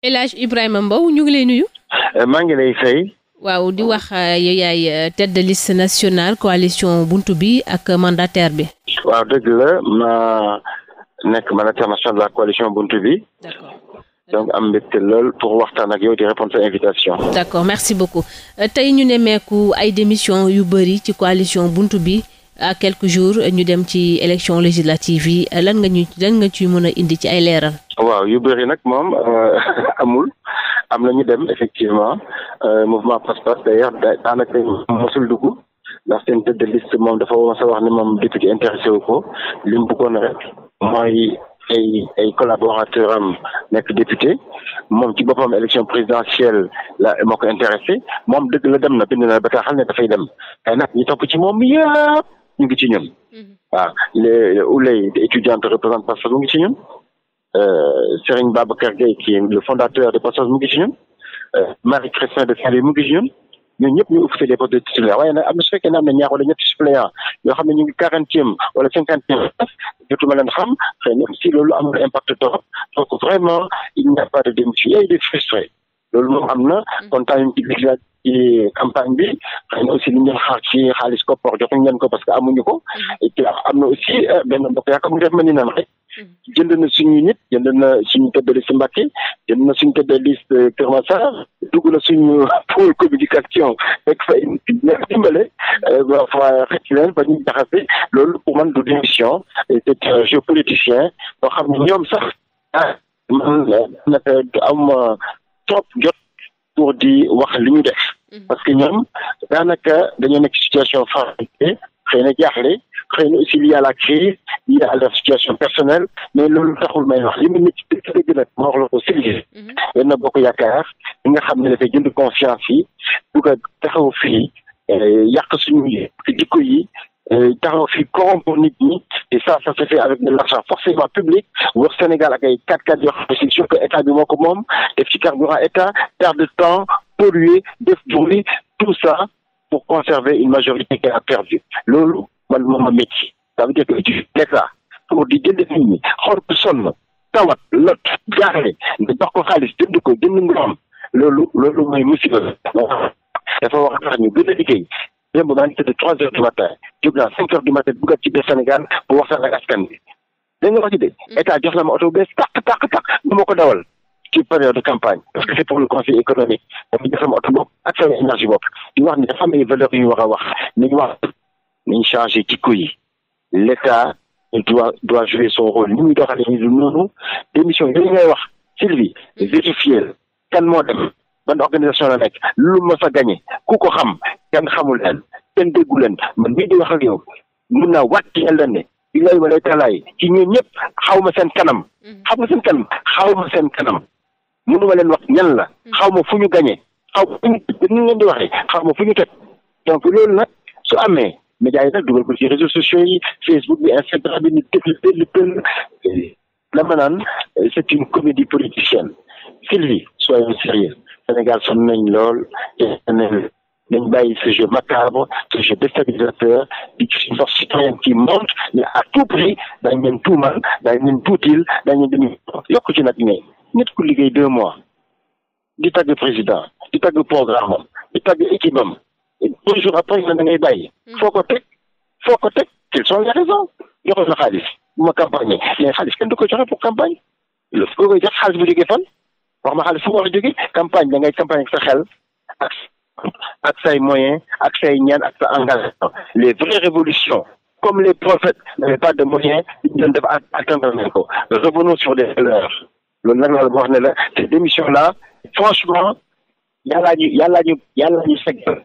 El Hadj Ibrahima Mbow ñu ngi lay nuyu. Euh, maa ngi lay fay. waaw di wax euh, yaay euh, tête de liste nationale coalition buntu bi ak mandataire bi. waaw dëgg la ma nekk mandataire national de la coalition buntu bi. d'accord. donc am mbégte lool pour waxtaan ak yow di répondre sa invitation. d'accord merci beaucoup tey ñu nemmeeku ay démission yu bëri ci coalition buntu bi. à quelques ñu dem ci élection législative yi lan nga ñu lan nga ciy mën a indi ci ay leeral. waaw yu bëri nag moom euh, amul am na ñu dem effectivement euh, mouvement Passe-Passe daanaka mosul dugg ndax seen tête de liste moom dafa mos a wax ne moom député intéressé wu ko li mu bëggoon rek mooy ay ay collaborateur am nekk député moom ci boppam élection présidentielle la moo ko intéressé moom dëgg la dem na bind na bataaxal ne dafay dem ay nag ñu topp ci moom yëpp. ñu ngi ci ñun. Mm-hmm. waaw les Ouleye étudiante représente Passos mu ngi ci ñun. Euh, Serigne Babacar qui est le fondateur de Passos mu ngi ci ñun. Euh, Marie Christin de Saint-Louis mu ngi ci ñun. ñun ñëpp ñu occupé les postes de titulaire waaye na su fekkee ne am na ñaar wala ñetti suppléant yoo xam ne ñu ngi quarantième wala cinquantième jotuma leen xam xëy na si loolu amul impact trop donc vraiment il n'y a pas de démission il y a des loolu moom mm-hmm. am na mm-hmm. kontaan nañ ci législative ci campagne bi xëy na aussi li ñu xaar ci xaalis koppar joxuñ leen ko parce que amuñu ko mm-hmm. et puis am na aussi euh, benn mbokk yaakaar mu def ma ni nan rek jënd na suñu nit jënd na suñu tëdd liste Mbacké jënd na suñu tëdd liste euh, Kër Massar dugg na suñu pôle communication fekk fa ñaar dimbale euh, ba fa xëcc leen ba ñu jaxase loolu pour man du démission c'est un jeu boo xam ne ñoom sax ah man naka am trop jot pour di wax li ñu def mhm. parce que ñoom daanaka dañoo nekk situation fragilité xëy na jaaxle xëy na aussi lié à la crise lié à leur situation personnelle mais loolu taxul may wax li mu nit ci dëgg nag moo wax la ko sérieux mhm. benn bokk yaakaar li nga xam ne dafay jënd conscience yi bu ko taxaw fii eh, yàq suñu jikko yi taxaw fi corrompre nit ñi et ça ça se fait avec de l'argent forcément public wër Sénégal ak ay 4x4 yoo xam que état bi moo ko moom carburant état perte de temps polluer def bruit tout ça pour conserver une majorité qu'elle a perdue loolu man moom ma métti ça veut dire que utilise l'état pour di jënd nit ñi xool ku sonn tawat lot jaaxle nga jox ko xaalis jënd ko jënd ngorom loolu loolu mooy musiba dafa wax a démb maa ngi tëdd trois heures du matin jóg naa cinq heures du matin duggaat ci biir Sénégal bu waxtaan ak askan bi dégg wax ci de mm. état jox na ma oto bees tàq tàq tàq du ma ko dawal ci période de campagne parce que c'est pour le conseil économique dama jox sama oto bopp ak sama énergie bopp di wax ni dafa am ay yu war a wax nañu wax nañ changé jikko yi l'état doit doit jouer son rôle ni muy doxalee ni du noonu démission yooyu ngay wax Sylvie mm. moo dem ban organisation la nekk lu ma sa gagné ku ko xam kenn xamul leen kenn déggu leen man mii di wax ak yow mun naa wàcc yàlla ne billahi wala talaay ci ñun ñëpp xaw ma seen kanam. Mhm. xaw ma seen kanam xaw ma seen kanam mënuma leen wax ñan la mhm. xaw ma fu ñu gagné xaw ma fu ñu ñu di waxee xaw ma fu ñu toj donc loolu nag su amee médias yi nag dugal ko ci réseaux sociaux yi Facebook bi Instagram bi ñu déglu lu bëri la ma naan euh, c'est une comédie politicienne Sylvie soyons Sénégal sonn nañ lool dañ bàyyi ce jeu macabre ce jeu déstabilisateur di ci force citoyenne qui monte mais à tout prix dañ leen tuumal dañ leen tuutil dañ leen demi yokk ci nag ne nit ku liggéey deux mois di tagg président di tagg programme am di tagg équipe am deux jours après na da ngay bàyyi hmm. foo ko teg foo ko teg quelles sont les raisons joxoon na xaalis bu ma campagne mais xaalis kenn du ko joxe pour campagne lu ko jox xaalis bu jógee fan wax ma xaalis fu mu war a jóge campagne da ngay campagne ak sa xel ak ak say moyens ak say ñaan ak sa engagement les vraies révolutions comme les prophètes n'avaient pas de moyens dañ def atteindre nañ ko revenons sur les valeurs loolu nag la wax ne la te démission là franchement yàllaa ñu yàllaa ñu yàllaa ñu seggal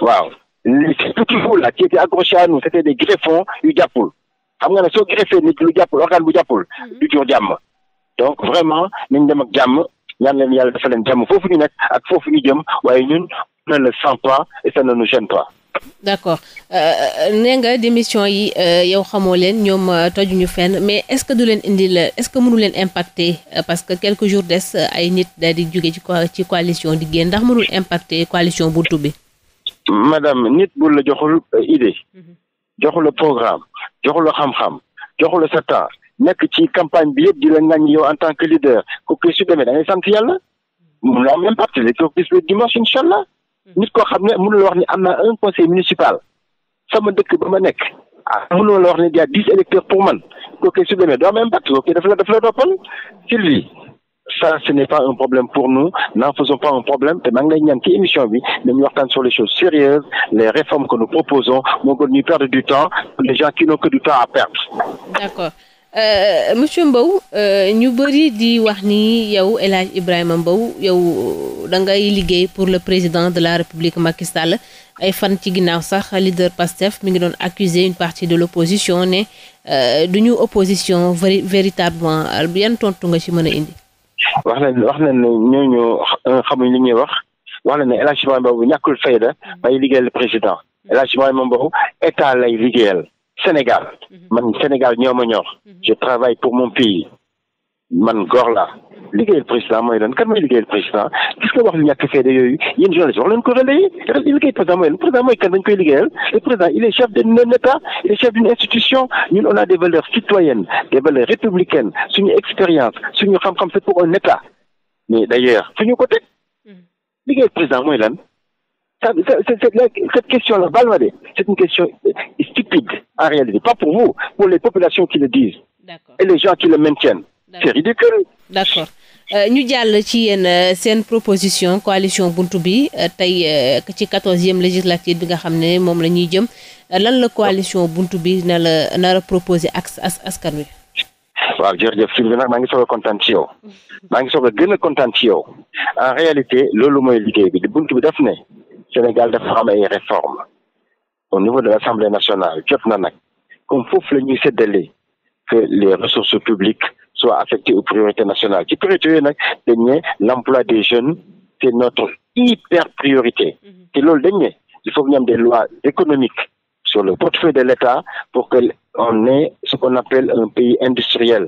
waaw les petits fous là qui étaient accrochés à nous c'était des greffons yu jàppul xam nga ne soo greffee nit lu jàppul organe bu jàppul du jur jàmm donc vraiment nañ dem ak jàmm ñaan leen yàlla defal leen jàmm foofu ñu nekk ak foofu ñu jëm waaye ñun na le sent pas et ça ne nous gêne pas euh, euh, nee nga démission yi euh, yow xamoo leen ñoom tojuñu fenn mais est-ce que du leen indi la est-ce que mënu leen impacter parce que quelques jour des ay nit daal di jóge ci ci coalition di génn ndax mënul impacter coalition buntu bi. madame nit bu la joxul idée. Mhm. joxul programme joxul xam-xam joxul sa temps nekk ci campagne bi yëpp di la ngañ yow en tant que leader kooku su demee da ngay sant yàlla mun na am même parti le dimanche incha hmm. nit koo xam ne mënul wax ni am naa un conseil municipal sama dëkk ba ma nekk ah mënul la wax ne il y a dix électeurs pour man kooku su demee doo am impact kooku daf la daf la toppal Sylvie ça ce n'est pas un problème pour nous n'en faisons pas un problème te maa ngi lay ñaan ci émission bi dañuy waxtaan sur les choses sérieuses les réformes que nous proposons moo gën ñuy perdre du temps pour les Euh, monsieur Mbow euh, ñu bëri di wax ni yow El Hadj Ibrahima Mbow yow da ngay liggéey pour le président de la République Macky Sall ay fan ci ginnaaw sax leader Pastef mi ngi doon accuser une partie de l'opposition ne euh, du ñu opposition vrai véritablement yan tontu nga ci mën a indi. wax nañ wax nañ ne ñooñu xamuñ li ñuy wax wax nañ ne El Hadj Ibrahima Mbow ñàkkul fayda mm. bay liggéeyal président El Hadj Ibrahima état lay liggéeyal. Sénégal mhm. man Sénégal ñoo ma ñor mhm. je travaille pour mon pays man góor laa liggéeyal président mooy lan kan mooy liggéeyal président gis nga wax lu ñàkk fayda yooyu yéen journaliste wax leen ko relayer liggéey président mooy lan président mooy kan dañ koy liggéeyal le président il est chef d'un état il est chef d'une institution ñun on a des valeurs citoyennes des valeurs républicaines suñu expérience suñu xam-xam c'est pour un état mais d'ailleurs fu ñu ko teg mhm. liggéeyal président mooy lan cette question-là, Balmadé, c'est une question stupide en réalité. Pas pour vous, pour les populations qui le disent et les gens qui le maintiennent. C'est ridicule. D'accord. Euh, ñu jàll ci yéen euh, seen proposition coalition bunt bi euh, tey ci quatorzième législative bi nga xam ne moom la ñuy jëm lan la coalition bunt bi na la nar a proposer ak askan wi. waaw jërëjëf fi mu nag maa ngi soog a kontaan ci yow. maa ngi soog a gën a kontaan ci yow. en réalité loolu mooy liggéey bi buntu bi daf ne. Sénégal dafa am ay réformes au niveau de l' assemblée nationale jot na nag comme foofu la ñuy séddalee que les ressources publiques soient affectées aux priorités nationales ci priorité yooyu dañ ne l' des jeunes c' est notre hyper priorité mhm. te loolu dañ ne il faut que ñu am des lois économiques sur le portefeuille de l'État pour que on ait ce qu'on appelle un pays industriel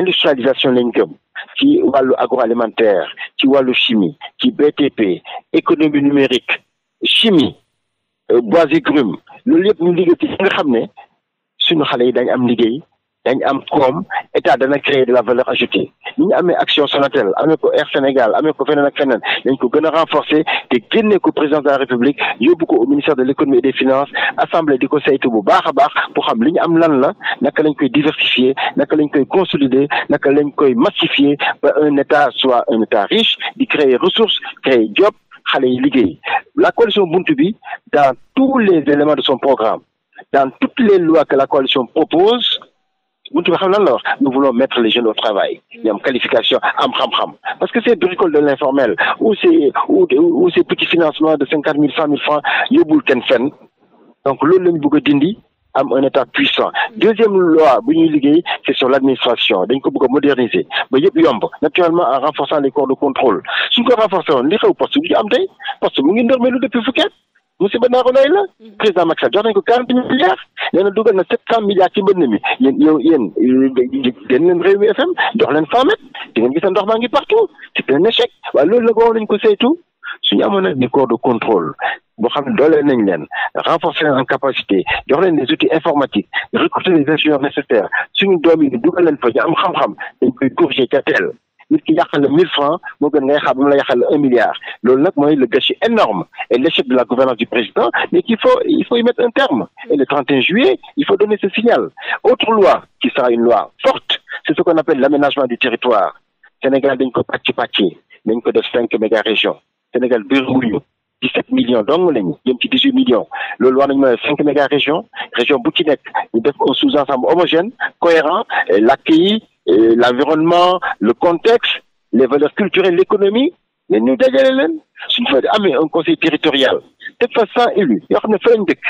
industrialisation lañ gëm ci wàllu agroalimentaire ci wàllu chimie ci BTP chimie euh, boisigrume loolu yëpp ñu liggéey ci nga xam ne suñu xale yi dañ am liggéey dañ am koom état dana créer de la valeur ajoutée ni ñu amee action Sonatel amee ko Air Sénégal amee ko feneen ak feneen dañ ko gën a renforcer te génne ko président de la République yóbbu ko au ministère de l'économie et des finances assemblée di ko saytu bu baax a baax pour xam li ñu am lan la naka lañ koy diversifier naka lañ koy consolider naka lañ koy massifier ba soit un état di créer ressources créer xale yi liggéey la coalition Buntu bi dans tous les éléments de son programme dans toutes les lois que la coalition propose Buntu bi xam lan la wax nous voulons mettre les jeunes au travail ñu am qualification am xam parce que ces bricoles de l'informel ou ces ou, ou ces petits financements de cinquante mille cent mille francs yóbbul kenn fenn donc loolu lañu bëgg dindi am un état puissant deuxième loi bu ñuy liggéey c'est sur l'administration dañ ko bëgg a moderniser ba yëpp yomb naturellement en renforçant les corps de contrôle suñ ko renforcer woon li xew poste bu ñu am tey poste mu ngi ndërmeelu depuis fukki at musiba naako lay la mm-hmm. président Macky Sall jox nañ ko quarante milliards na dugal na sept cent milliards ci mbënn mi yéen yow yéen génn leen Rewmi FM jox leen Famet di ngeen gis ndox maa ngi partout c'est un échec waaye loolu nag su ñu amoon des corps de contrôle boo xam ne nañ leen renforcer en capacité jox leen des outils informatiques recruter les ingénieurs nécessaires suñu doom yi dugal leen am xam-xam dañ koy corriger ca teel nit ki yàqal la mille francs moo gën ngay xam mu un milliard loolu nag mooy le gâchis énorme et l'échec de la gouvernance du président mais qu'il faut il faut y mettre un terme et le 31 juillet il faut donner ce signal autre loi qui sera une loi ko def cinq méga Sénégal bëriwuñu 17 millions dong lañu jëm ci 18 millions loolu war nañu mën a 5 méga région région bu ci nekk ñu def un sous-ensemble homogène cohérent l'accueil l'environnement le contexte les valeurs culturelles l'économie mais ñu dajale leen suñu fa amee un conseil territorial teg fa 100 élus yoo xam ne fa lañ dëkk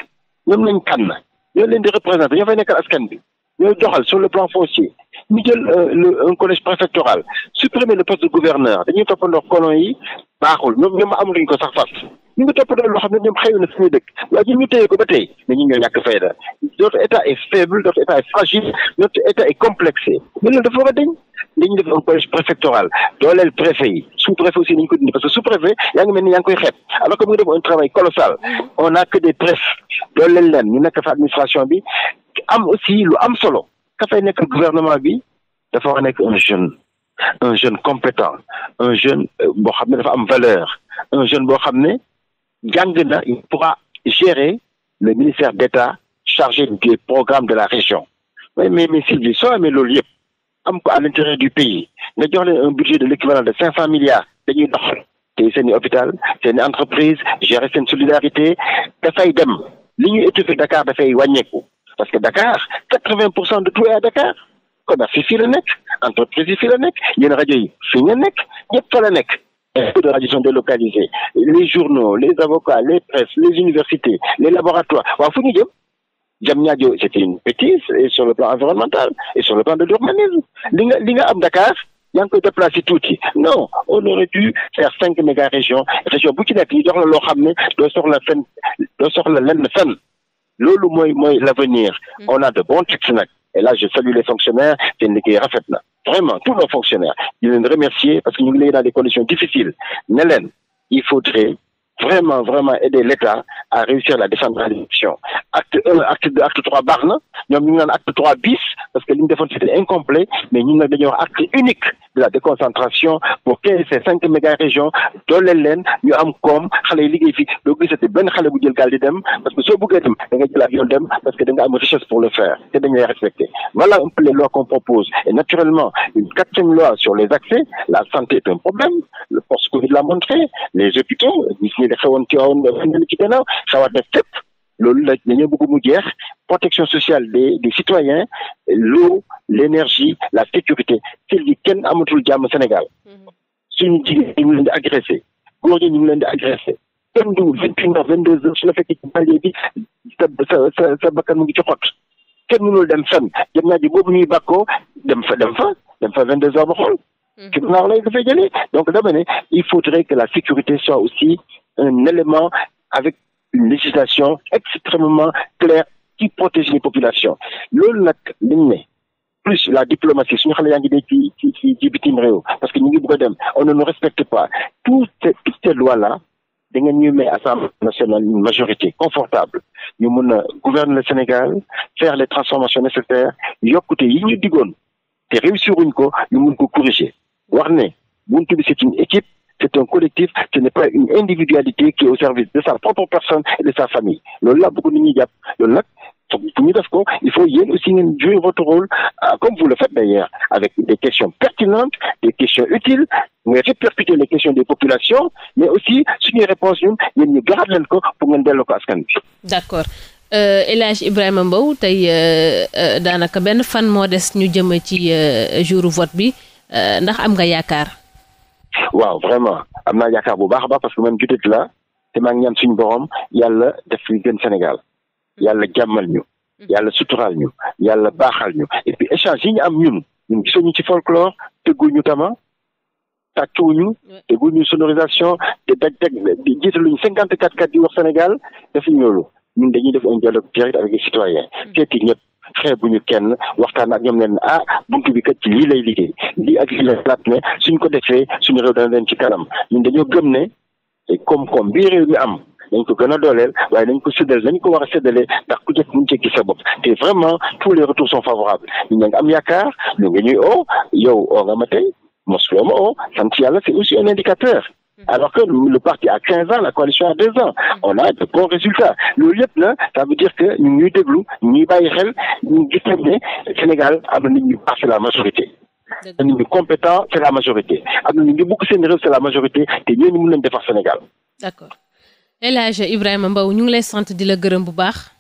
ñoom lañ tànn ñoo leen di représenter ñoo fay nekkal askan bi ñooy doxal sur le plan foncier ñu jël euh, le un collège préfectoral supprimer le poste de gouverneur dañuy toppandoo colon yi baaxul ñoom ñoom am luñ ko sax fas ñu ngi toppandoo loo xam ne ñoom xëy na fi ñuy dëkk waaye ñun ñu téye ko ba tey mais ñu ñoo ñàkk fayda notre état est faible notre état est fragile notre état est complexé mais loolu dafa war a dañ def un collège préfectoral dooleel préfet yi sous préfet aussi nañu ko dindi parce que sous préfet yaa ngi mel ni yaa ngi koy xeeb alors que mu leen ñu nekk fa bi am aussi lu am solo ka nekk gouvernement bi dafa war a nekk un jeune un jeune compétent un jeune euh, boo xam ne dafa am valeur un jeune boo xam ne jàng na il pourra gérer le ministère d'État chargé des programmes de la région mais mais mais Sylvie soo amee loolu yëpp am ko à l'intérieur du pays nga jox leen un budget de l'équivalent de cinq cent milliards dañuy dox te seeni hôpital seeni entreprise gérer seen solidarité dafay dem li ñuy étouffé Dakar dafay wàññeeku parce que Dakar quatre-vingt pour cent de tout est à Dakar commerce yi fii la nekk entreprise yi fii la nekk yéen rajo yi fii la nekk ñëpp fa la nekk beaucoup de radios les journaux les avocats les presses les universités les laboratoires waaw fu ñu jëm c'était une bêtise et sur le plan environnemental et sur le plan de l'urbanisme li nga li nga am Dakar yaa non on aurait dû faire cinq méga région bu ci nekk ñu jox la loo xam ne doo loolu mooy mooy l'avenir mm. on a de bons textes nag et là je salue les fonctionnaires seen liggéey rafet na vraiment tous nos fonctionnaires di leen remercier parce que ñu ngi léegi dans des conditions difficiles ne leen il faudrait vraiment vraiment aider l'État à réussir la décentralisation acte un acte trois baax na ñoom ñu ngi naan acte trois bis parce que li ñu defoon c'était incomplet mais ñun nag dañoo wax acte unique de la déconcentration boo créé ces cinq méga régions dooleel leen ñu am koom xale yi liggéey fii doo gisati benn xale bu jël gaal di dem parce que soo bëggee dem da nga jël avion dem parce que da nga am richesse pour le faire te dañ lay respecté voilà un peu les lois qu'on propose et naturellement une quatrième loi sur les accès la santé est un problème le post Covid l'a montré les hôpitaux gis ñi de xewoon ci woon ci gannaaw xawaat na fépp loolu la dañoo bëgg mu jeex protection sociale des des citoyens l'eau l'énergie la sécurité kër gi kenn amatul jàmm Sénégal mm-hmm. suñu jigéen ñu ngi leen di agressé góor ñu ngi leen di agressé kenn du vingt une heures vingt la fekkee ci banlieue bi sa sa sa bakkan mu ngi ci xot kenn mënul dem fenn jëm naa ji boobu ñuy bàkkoo dem fa dem fa dem fa vingt deux heures xool ci mm-hmm. naaw lay dafay jëlee donc dama ne il faudrait que la sécurité soit aussi un élément avec une législation extrêmement claire qui protège les populations loolu nag liñ ne plus la diplomatie suñu xam ne yaa ngi dee ci ci ci bitim réew parce que ñu ngi bëgg a dem on ne nous respecte pas tout toutes ces lois là da ngeen ñuy may nationale une majorité confortable ñu mun a gouverner le Sénégal faire les transformations nécessaires yokkute y ñu digoon te réussiruñ ko ñu mun ko corriger wax ne buntu c'est une équipe c'est un collectif ce n'est pas une individualité qui est au service de sa propre personne et de sa famille loolu laa bëgg nit ñi jàpp loolu nag pour ñu def ko il faut yéen aussi ngeen jouer votre rôle ah, comme vous le faites d'ailleurs avec des questions pertinentes des questions utiles mais répercuter les questions des populations mais aussi suñuy réponse ñun yéen ñu garab leen ko pour ngeen delloo ko askan bi d'accord euh, El Hadj Ibrahima mbaw tey euh, euh, daanaka benn fan moo des ñu jëm ci jouru vote bi ndax am nga yaakaar waaw vraiment am naa yaakaar bu baax a baax parce que man jullit la te maa ngi ñaan suñu borom yàlla def fi gën Sénégal yàlla jàmmal ñu yàlla suturaal ñu yàlla baaxal ñu et puis échange yi ñu am ñun ñun gisuñu ci folklore tëgguñu tama tàccuwuñu tëgguñu sonorisation te daj daj di jiitaluñu cinquante quatre quatre di wax Sénégal dafa ñoolu ñun dañuy def un dialogue direct avec les citoyens seeti mm. ñëpp bu ñu kenn waxtaan ak ñoom nen ah buntu bi kat ci lii lay liggéey lii ak lii lay xalaat ne suñ ko defee suñu réew dana leen ci kanam ñun dañoo gëm ne koom-koom bii réew ñu am dañ ko gën a dooleel waaye dañ ko séddale dañ ko war a séddale ndax ku jot mun ci gis sa bopp te vraiment tous les retours sont favorables ñu ngi am yaakaar ñu ngi ñuy oo yow oo nga ma tey mosuloo ma oo sant yàlla c'est aussi un indicateur Mm-hmm. Alors que le, le, parti a 15 ans, la coalition a 2 ans. Mm-hmm. On a de bons résultats. Le lieu là, ça veut dire que nous développons, nous baillons, nous déterminons le Sénégal à passer la majorité. Nous sommes compétents, c'est la majorité. Nous beaucoup généreux, c'est la majorité. Et nous, nous voulons défendre le Sénégal. D'accord. El Hadj Ibrahima Mbow ñu ngi lay sant di la gërëm bu baax.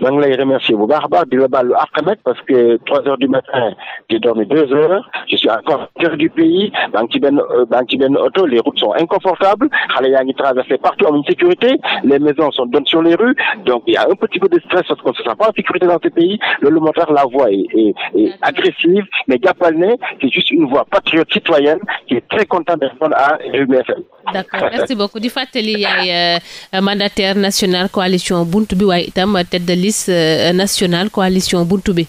maa ngi lay remercier bu baax a baax di la baalu àq nag parce que trois heures du matin di dormi deux heures. je suis encore du pays maa ngi ci benn oto euh, les routes sont inconfortables xale traversé partout amuñu sécurité les maisons sont données sur les rues donc il y a un petit peu de stress parce qu'on pas en sécurité dans ce pays loolu moo la voie est, agressive mais jàppal c'est juste une voie patriote citoyenne qui est très contente de répondre à Rewmi merci beaucoup di fàttali yaay euh, mandataire national coalition euh, nationale coalition buntu bi